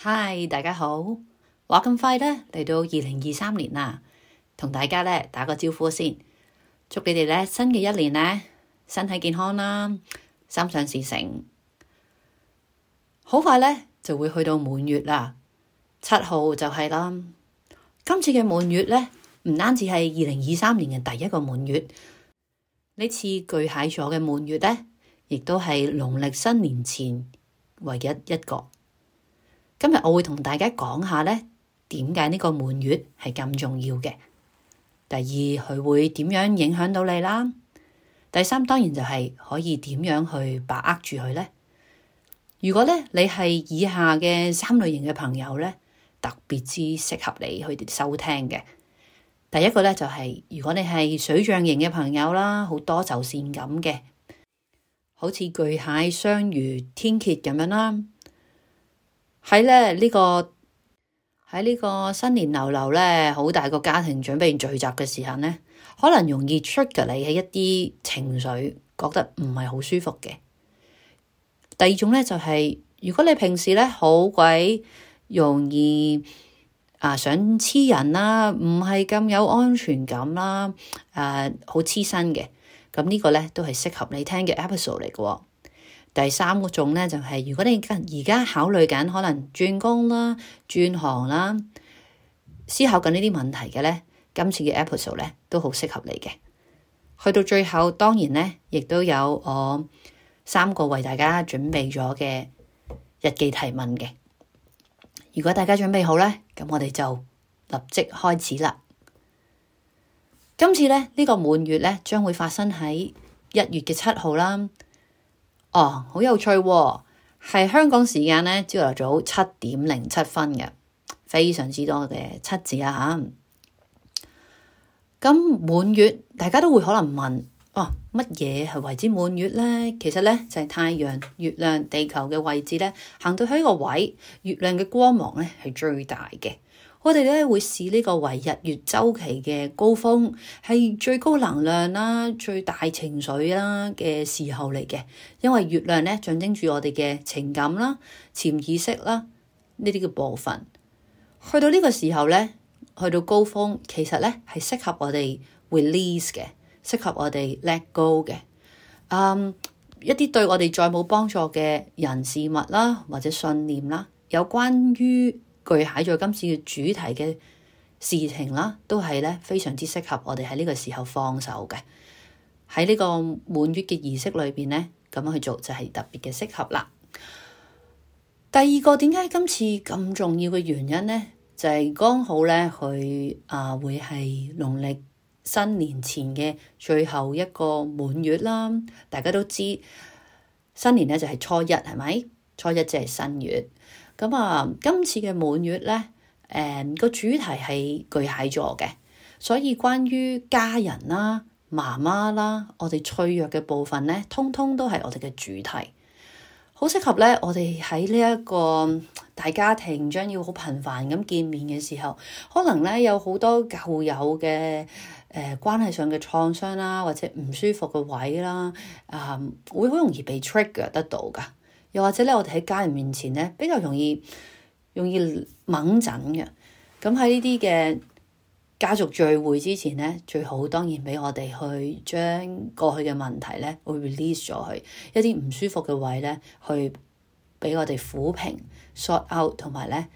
嗨，Hi, 大家好！話咁快咧，嚟到二零二三年啦，同大家咧打個招呼先，祝你哋咧新嘅一年咧身體健康啦，心想事成。好快咧就會去到滿月啦，七號就係啦。今次嘅滿月咧，唔單止係二零二三年嘅第一個滿月，呢次巨蟹座嘅滿月咧，亦都係農曆新年前唯一一個。今日我會同大家講下咧，點解呢個滿月係咁重要嘅。第二，佢會點樣影響到你啦？第三，當然就係可以點樣去把握住佢咧？如果咧你係以下嘅三類型嘅朋友咧，特別之適合你去收聽嘅。第一個咧就係、是、如果你係水象型嘅朋友啦，好多愁善感嘅，好似巨蟹、雙魚、天蠍咁樣啦。喺呢、呢個喺呢個新年流流咧，好大個家庭準備聚集嘅時候咧，可能容易 trigger 你係一啲情緒，覺得唔係好舒服嘅。第二種咧就係、是、如果你平時咧好鬼容易啊想黐人啦，唔係咁有安全感啦，誒好黐身嘅，咁呢個咧都係適合你聽嘅 episode 嚟嘅喎。第三個種呢，就係、是、如果你而家考慮緊可能轉工啦、轉行啦，思考緊呢啲問題嘅呢，今次嘅 episode 呢都好適合你嘅。去到最後，當然呢，亦都有我三個為大家準備咗嘅日記提問嘅。如果大家準備好呢，咁我哋就立即開始啦。今次呢，呢、這個滿月呢，將會發生喺一月嘅七號啦。哦，好有趣喎，係香港時間呢朝頭早七點零七分嘅，非常之多嘅七字啊吓。咁滿月，大家都會可能問，哦，乜嘢係為之滿月咧？其實咧就係太陽、月亮、地球嘅位置咧，行到去呢個位，月亮嘅光芒咧係最大嘅。我哋咧會視呢個為日月周期嘅高峰，係最高能量啦、最大情緒啦嘅時候嚟嘅。因為月亮咧象徵住我哋嘅情感啦、潛意識啦呢啲嘅部分。去到呢個時候咧，去到高峰，其實咧係適合我哋 release 嘅，適合我哋 let go 嘅。Um, 一啲對我哋再冇幫助嘅人事物啦，或者信念啦，有關於，巨蟹座今次嘅主題嘅事情啦，都係咧非常之適合我哋喺呢個時候放手嘅。喺呢個滿月嘅儀式裏邊咧，咁樣去做就係特別嘅適合啦。第二個點解今次咁重要嘅原因咧，就係、是、剛好咧佢啊會係農曆新年前嘅最後一個滿月啦。大家都知新年咧就係初一係咪？初一即係新月。咁啊、嗯，今次嘅滿月咧，誒、嗯、個主題係巨蟹座嘅，所以關於家人啦、媽媽啦，我哋脆弱嘅部分咧，通通都係我哋嘅主題，好適合咧，我哋喺呢一個大家庭將要好頻繁咁見面嘅時候，可能咧有好多舊有嘅誒關係上嘅創傷啦，或者唔舒服嘅位啦，啊、嗯、會好容易被 trigger 得到㗎。又或者咧，我哋喺家人面前咧，比較容易容易掹緊嘅。咁喺呢啲嘅家族聚會之前咧，最好當然俾我哋去將過去嘅問題咧，會 release 咗佢一啲唔舒服嘅位咧，去俾我哋撫平、sort out 同埋咧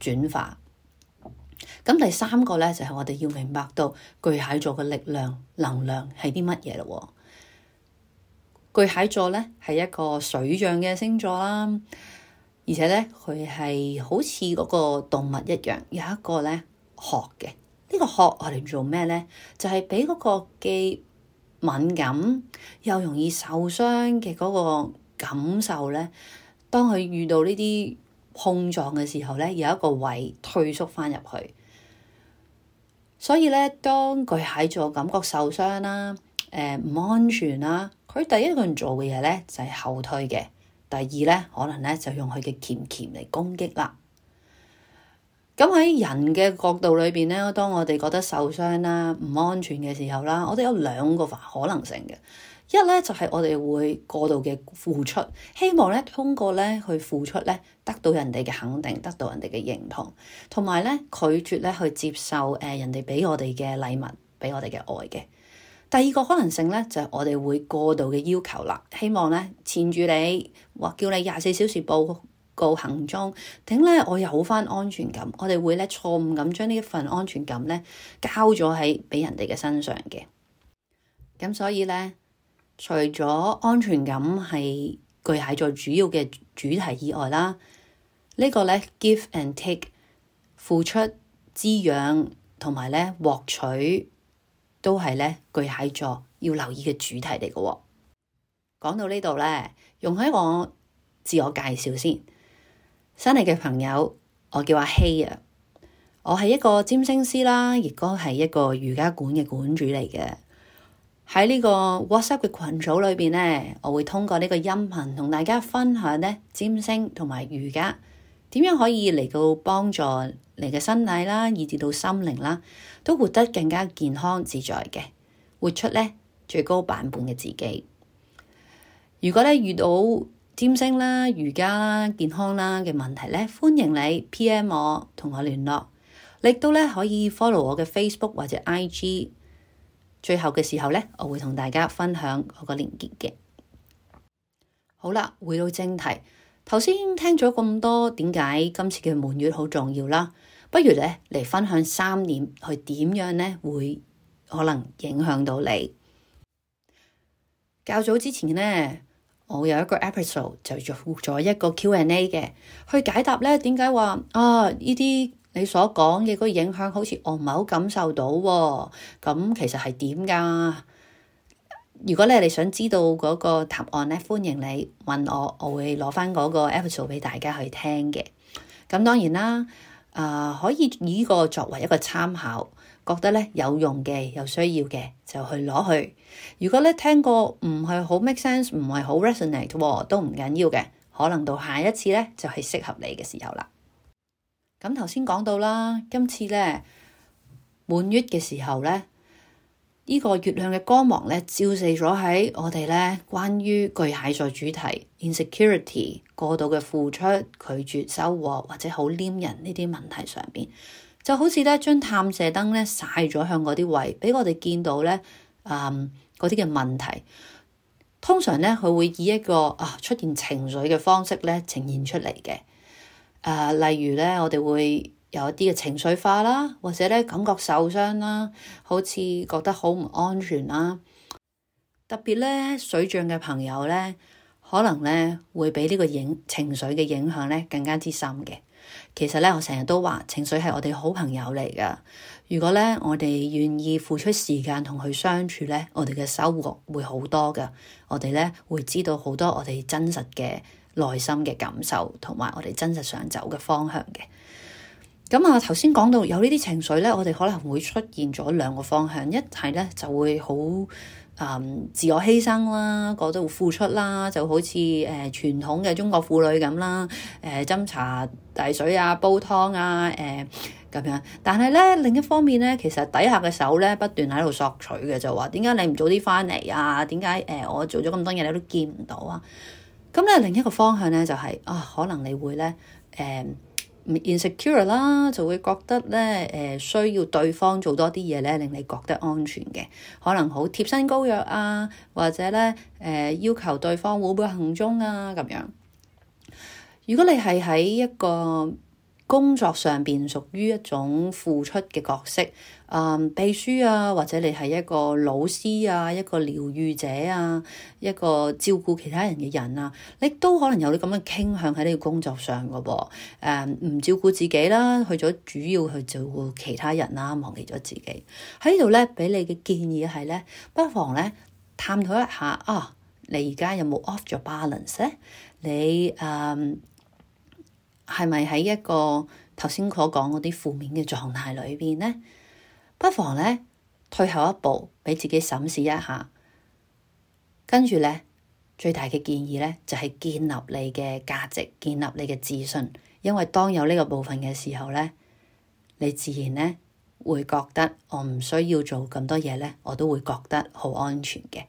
轉化。咁第三個咧，就係、是、我哋要明白到巨蟹座嘅力量、能量係啲乜嘢咯。巨蟹座呢係一個水象嘅星座啦，而且呢，佢係好似嗰個動物一樣，有一個呢殼嘅。呢、這個殼我哋做咩呢？就係畀嗰個既敏感又容易受傷嘅嗰個感受呢。當佢遇到呢啲碰撞嘅時候呢，有一個胃退縮翻入去。所以呢，當巨蟹座感覺受傷啦、啊。誒唔、呃、安全啦、啊！佢第一個人做嘅嘢咧就係、是、後退嘅，第二咧可能咧就用佢嘅鉗鉗嚟攻擊啦、啊。咁、嗯、喺人嘅角度裏邊咧，當我哋覺得受傷啦、啊、唔安全嘅時候啦，我哋有兩個可能性嘅。一咧就係、是、我哋會過度嘅付出，希望咧通過咧去付出咧得到人哋嘅肯定，得到人哋嘅認同，同埋咧拒絕咧去接受誒人哋畀我哋嘅禮物，畀我哋嘅愛嘅。第二個可能性咧，就係、是、我哋會過度嘅要求啦。希望咧纏住你或叫你廿四小時報告行蹤，頂咧我有返安全感。我哋會咧錯誤咁將呢一份安全感咧交咗喺俾人哋嘅身上嘅。咁所以咧，除咗安全感係巨蟹座主要嘅主題以外啦，這個、呢個咧 give and take 付出滋養同埋咧獲取。都係咧巨蟹座要留意嘅主題嚟嘅喎。講到呢度咧，容許我自我介紹先。新嚟嘅朋友，我叫阿希啊。我係一個占星師啦，亦都係一個瑜伽館嘅館主嚟嘅。喺呢個 WhatsApp 嘅群組裏邊咧，我會通過呢個音頻同大家分享咧占星同埋瑜伽。點樣可以嚟到幫助你嘅身體啦，以至到心靈啦，都活得更加健康自在嘅，活出咧最高版本嘅自己。如果咧遇到占星啦、瑜伽啦、健康啦嘅問題咧，歡迎你 PM 我同我聯絡，你都咧可以 follow 我嘅 Facebook 或者 IG。最後嘅時候咧，我會同大家分享我個連結嘅。好啦，回到正題。頭先聽咗咁多，點解今次嘅滿月好重要啦？不如咧嚟分享三點，去點樣咧會可能影響到你。較早之前咧，我有一個 episode 就做咗一個 Q&A 嘅，去解答咧點解話啊呢啲你所講嘅嗰個影響，好似我唔係好感受到喎，哦。咁，嗯，其實係點噶？如果咧你想知道嗰個答案咧，歡迎你問我，我會攞返嗰個 episode 俾大家去聽嘅。咁當然啦，啊、呃、可以以呢個作為一個參考，覺得咧有用嘅、有需要嘅就去攞去。如果咧聽過唔係好 make sense，唔係好 resonate，哦，都唔緊要嘅，可能到下一次咧就係適合你嘅時候啦。咁頭先講到啦，今次咧滿月嘅時候咧。呢個月亮嘅光芒咧，照射咗喺我哋咧，關於巨蟹座主題 insecurity 過度嘅付出、拒絕收穫或者好黏人呢啲問題上邊，就好似咧將探射燈咧晒咗向嗰啲位，俾我哋見到咧，嗯嗰啲嘅問題，通常咧佢會以一個啊出現情緒嘅方式咧呈現出嚟嘅，誒、啊、例如咧我哋會。有一啲嘅情緒化啦，或者咧感覺受傷啦，好似覺得好唔安全啦。特別咧水象嘅朋友咧，可能咧會畀呢個影情緒嘅影響咧更加之深嘅。其實咧，我成日都話情緒係我哋好朋友嚟㗎。如果咧我哋願意付出時間同佢相處咧，我哋嘅收穫會好多㗎。我哋咧會知道好多我哋真實嘅內心嘅感受，同埋我哋真實想走嘅方向嘅。咁啊，頭先講到有呢啲情緒呢，我哋可能會出現咗兩個方向。一係呢，就會好啊、嗯，自我犧牲啦，覺得會付出啦，就好似誒傳統嘅中國婦女咁啦，斟、呃、茶遞水啊，煲湯啊，誒、呃、咁樣。但係呢，另一方面呢，其實底下嘅手呢，不斷喺度索取嘅，就話點解你唔早啲翻嚟啊？點解誒我做咗咁多嘢你都見唔到啊？咁咧另一個方向呢，就係、是、啊，可能你會呢。誒、嗯。唔 insecure 啦，In ure，就會覺得咧誒、呃、需要對方做多啲嘢咧，令你覺得安全嘅。可能好貼身膏藥啊，或者咧誒、呃、要求對方會唔會行蹤啊咁樣。如果你係喺一個工作上邊屬於一種付出嘅角色、嗯，秘書啊，或者你係一個老師啊，一個療愈者啊，一個照顧其他人嘅人啊，你都可能有啲咁嘅傾向喺呢嘅工作上嘅噃、啊，唔、嗯、照顧自己啦，去咗主要去照做其他人啦，忘記咗自己。喺呢度咧，畀你嘅建議係咧，不妨咧探討一下啊，你而家有冇 off 咗 balance 咧？你誒？嗯係咪喺一個頭先所講嗰啲負面嘅狀態裏邊呢？不妨呢退後一步，畀自己審視一下。跟住呢，最大嘅建議呢就係建立你嘅價值，建立你嘅自信。因為當有呢個部分嘅時候呢，你自然呢會覺得我唔需要做咁多嘢呢，我都會覺得好安全嘅。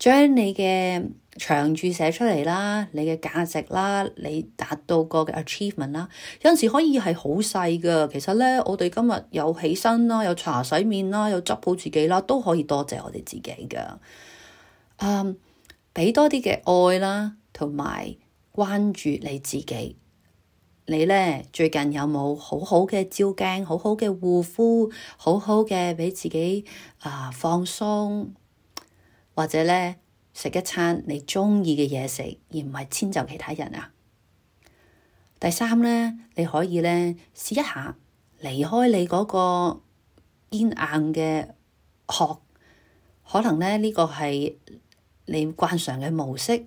將你嘅長處寫出嚟啦，你嘅價值啦，你達到過嘅 achievement 啦，有陣時可以係好細噶。其實咧，我哋今日有起身啦，有茶洗面啦，有執好自己啦，都可以多謝我哋自己噶。畀、um, 多啲嘅愛啦，同埋關注你自己。你咧最近有冇好好嘅照鏡，好好嘅護膚，好好嘅畀自己啊放鬆？或者呢，食一餐你中意嘅嘢食，而唔係遷就其他人啊。第三呢，你可以呢試一下離開你嗰個堅硬嘅殼，可能呢，呢、這個係你慣常嘅模式，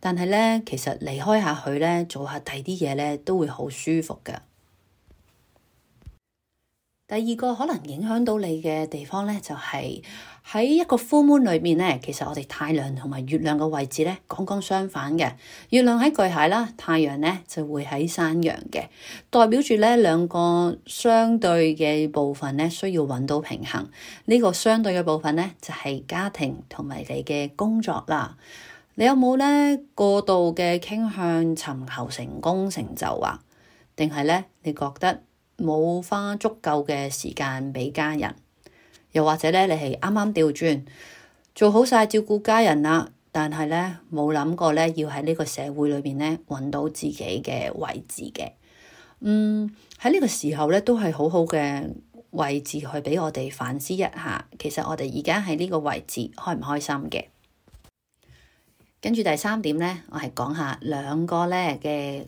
但係呢，其實離開下佢呢，做下第二啲嘢呢，都會好舒服嘅。第二個可能影響到你嘅地方咧，就係喺一個 full moon 裏面咧，其實我哋太陽同埋月亮嘅位置咧，剛剛相反嘅。月亮喺巨蟹啦，太陽咧就會喺山羊嘅，代表住咧，兩個相對嘅部分咧，需要揾到平衡。呢個相對嘅部分咧，就係家庭同埋你嘅工作啦。你有冇咧過度嘅傾向尋求成功成就啊？定係咧你覺得？冇花足夠嘅時間畀家人，又或者咧，你係啱啱調轉，做好晒照顧家人啦，但係咧冇諗過咧要喺呢個社會裏邊咧，搵到自己嘅位置嘅。嗯，喺呢個時候咧，都係好好嘅位置去畀我哋反思一下，其實我哋而家喺呢個位置開唔開心嘅。跟住第三點咧，我係講下兩個咧嘅。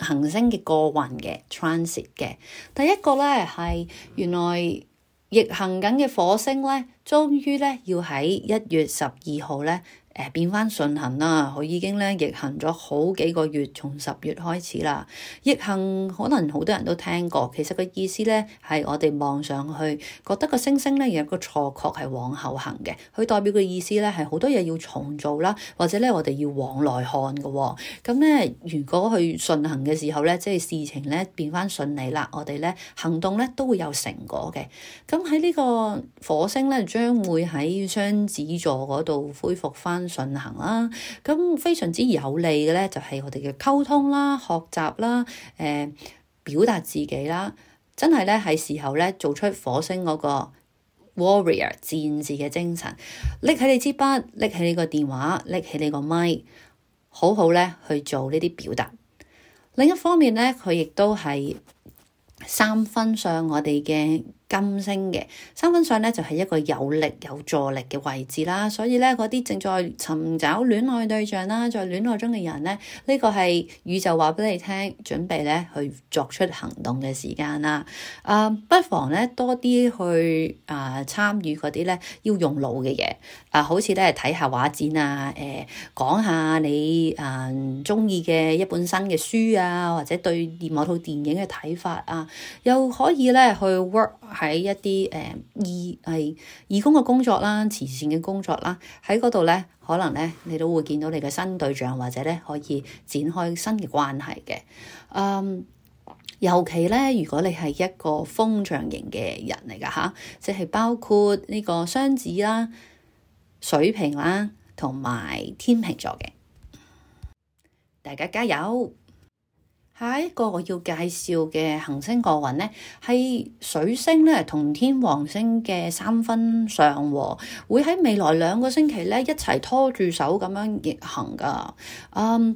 行星嘅過運嘅 transit 嘅，第一個呢係原來逆行緊嘅火星呢，終於呢要喺一月十二號呢。誒變翻順行啦，佢已經咧逆行咗好幾個月，從十月開始啦。逆行可能好多人都聽過，其實個意思咧係我哋望上去覺得個星星咧有一個錯覺係往後行嘅，佢代表嘅意思咧係好多嘢要重做啦，或者咧我哋要往內看嘅，哦。咁咧如果佢順行嘅時候咧，即係事情咧變翻順利啦，我哋咧行動咧都會有成果嘅。咁喺呢個火星咧將會喺雙子座嗰度恢復翻。順行啦，咁非常之有利嘅呢，就係我哋嘅溝通啦、學習啦、誒、呃、表達自己啦，真係呢，係時候呢，做出火星嗰個 warrior 戰士嘅精神，拎起你支筆，拎起你個電話，拎起你個咪，好好呢去做呢啲表達。另一方面呢，佢亦都係三分上我哋嘅。金星嘅三分相咧就係一個有力有助力嘅位置啦，所以咧嗰啲正在尋找戀愛對象啦，在戀愛中嘅人咧，呢個係宇宙話俾你聽，準備咧去作出行動嘅時間啦。啊，不妨咧多啲去啊參與嗰啲咧要用腦嘅嘢，啊，好似咧睇下畫展、呃、啊，誒，講下你啊中意嘅一本新嘅書啊，或者對某套電影嘅睇法啊，又可以咧去 work。喺一啲誒、嗯、義係義工嘅工作啦、慈善嘅工作啦，喺嗰度咧，可能咧你都會見到你嘅新對象，或者咧可以展開新嘅關係嘅。嗯，尤其咧，如果你係一個風象型嘅人嚟㗎吓，即、啊、係、就是、包括呢個雙子啦、水瓶啦同埋天秤座嘅，大家加油！下一個我要介紹嘅行星過運呢，係水星呢同天王星嘅三分上和，會喺未來兩個星期呢一齊拖住手咁樣逆行噶，um,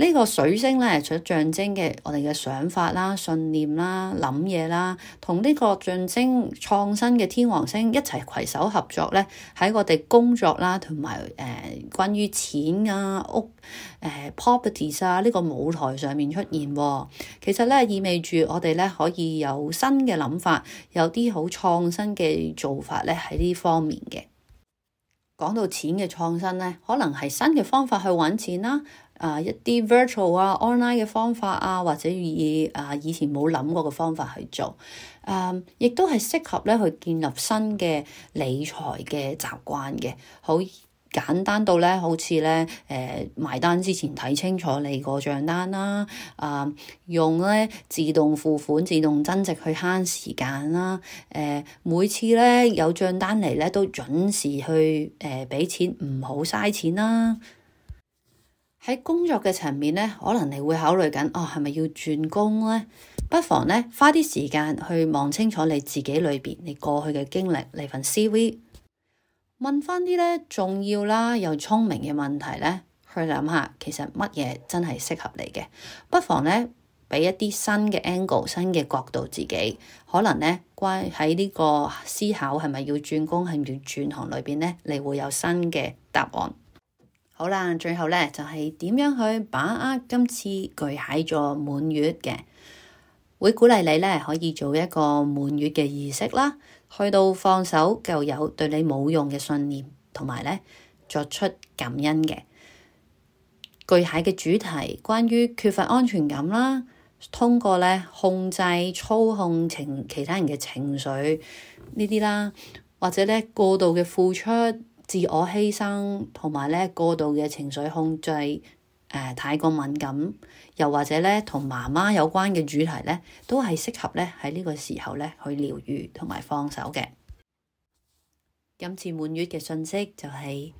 呢個水星咧，除咗象徵嘅我哋嘅想法啦、信念啦、諗嘢啦，同呢個象徵創新嘅天王星一齊攜手合作咧，喺我哋工作啦，同埋誒關於錢啊、屋誒、呃、properties 啊呢、這個舞台上面出現，哦，其實咧意味住我哋咧可以有新嘅諗法，有啲好創新嘅做法咧喺呢方面嘅。講到錢嘅創新咧，可能係新嘅方法去揾錢啦。呃、啊，一啲 virtual 啊 online 嘅方法啊，或者以啊、呃、以前冇諗過嘅方法去做，誒、呃，亦都係適合咧去建立新嘅理財嘅習慣嘅，好。簡單到咧，好似咧，誒，埋單之前睇清楚你個賬單啦，啊，用咧自動付款、自動增值去慳時間啦，誒、啊，每次咧有賬單嚟咧都準時去誒俾、啊、錢，唔好嘥錢啦。喺工作嘅層面咧，可能你會考慮緊，哦，係咪要轉工咧？不妨咧花啲時間去望清楚你自己裏邊你過去嘅經歷，嚟份 CV。問翻啲咧重要啦又聰明嘅問題咧，去諗下，其實乜嘢真係適合你嘅？不妨咧俾一啲新嘅 angle、新嘅角度，角度自己可能咧關喺呢個思考係咪要轉工、係咪要轉行裏邊咧，你會有新嘅答案。好啦，最後咧就係點樣去把握今次巨蟹座滿月嘅？會鼓勵你咧可以做一個滿月嘅儀式啦。去到放手，就有對你冇用嘅信念，同埋呢作出感恩嘅巨蟹嘅主題，關於缺乏安全感啦。通過呢控制、操控情其他人嘅情緒呢啲啦，或者呢過度嘅付出、自我犧牲，同埋呢過度嘅情緒控制，呃，太過敏感。又或者咧，同媽媽有關嘅主題咧，都係適合咧喺呢個時候咧去療愈同埋放手嘅。今次滿月嘅信息就係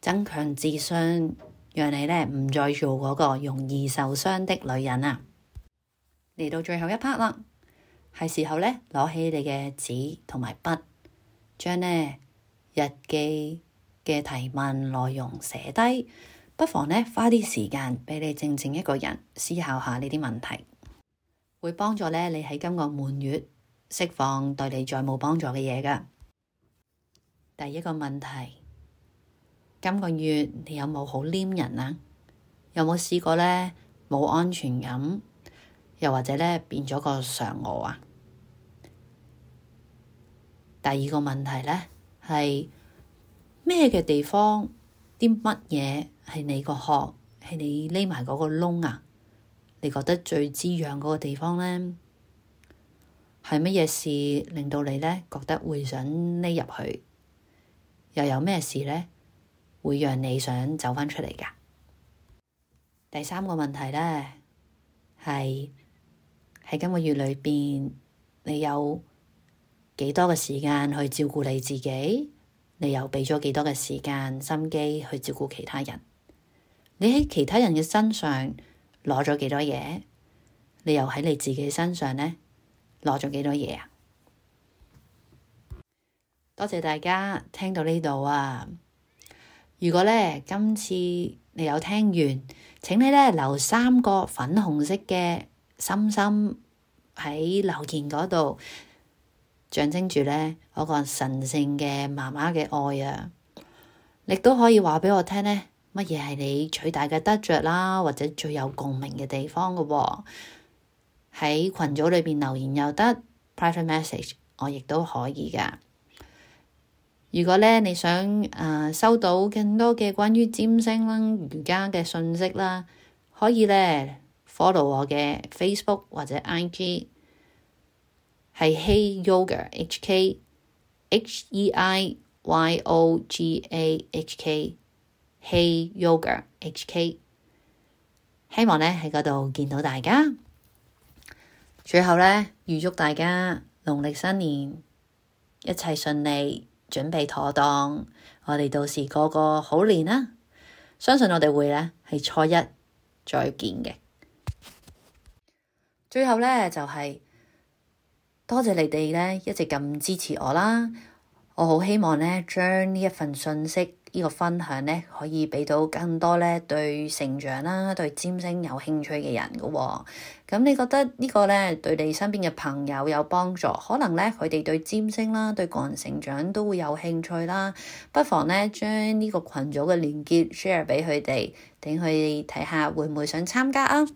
增強自信，讓你咧唔再做嗰個容易受傷的女人啊！嚟到最後一 part 啦，係時候咧攞起你嘅紙同埋筆，將咧日記嘅提問內容寫低。不妨呢，花啲時間俾你靜靜一個人思考下呢啲問題，會幫助呢你喺今個滿月釋放對你再冇幫助嘅嘢噶。第一個問題，今個月你有冇好黏人啊？有冇試過呢冇安全感，又或者呢變咗個嫦娥啊？第二個問題呢，係咩嘅地方？啲乜嘢係你個殼，係你匿埋嗰個窿啊？你覺得最滋養嗰個地方咧，係乜嘢事令到你咧覺得會想匿入去？又有咩事咧，會讓你想走翻出嚟噶？第三個問題咧，係喺今個月裏邊，你有幾多嘅時間去照顧你自己？你又畀咗幾多嘅時間心機去照顧其他人？你喺其他人嘅身上攞咗幾多嘢？你又喺你自己身上呢攞咗幾多嘢啊？多謝大家聽到呢度啊！如果呢，今次你有聽完，請你呢留三個粉紅色嘅心心喺留言嗰度。象徵住呢嗰、那個神聖嘅媽媽嘅愛啊！你都可以話畀我聽呢，乜嘢係你最大嘅得着啦，或者最有共鳴嘅地方嘅喎、哦？喺群組裏面留言又得，private message 我亦都可以噶。如果呢，你想誒、呃、收到更多嘅關於占星啦，瑜伽嘅訊息啦，可以呢 follow 我嘅 Facebook 或者 IG。係 Hei Yoga HK H E I Y O G A H K Hei Yoga HK，希望呢喺嗰度見到大家。最後呢，預祝大家農曆新年一切順利，準備妥當，我哋到時過個好年啦！相信我哋會呢，係初一再見嘅。最後呢，就係、是。多謝你哋咧，一直咁支持我啦。我好希望咧，將呢一份信息，呢個分享咧，可以俾到更多咧對成長啦，對占星有興趣嘅人噶。咁你覺得呢個咧，對你身邊嘅朋友有幫助？可能咧，佢哋對占星啦，對個人成長都會有興趣啦。不妨咧，將呢個群組嘅鏈接 share 俾佢哋，等佢哋睇下會唔會想參加啊？